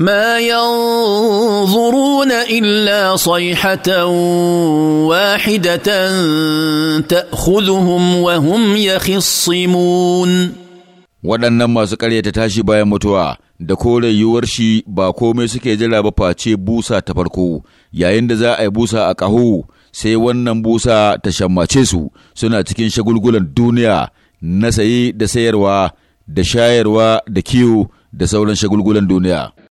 ما ينظرون الا صيحه واحده تاخذهم وهم يخصمون waɗannan masu ƙaryata tashi bayan mutuwa da kore yiwuwar shi ba komai suke jira ba face busa ta farko yayin da za a yi busa a ƙaho sai wannan busa ta shammace su suna cikin shagulgulan duniya na saye da sayarwa da shayarwa da kiwo da sauran shagulgulan duniya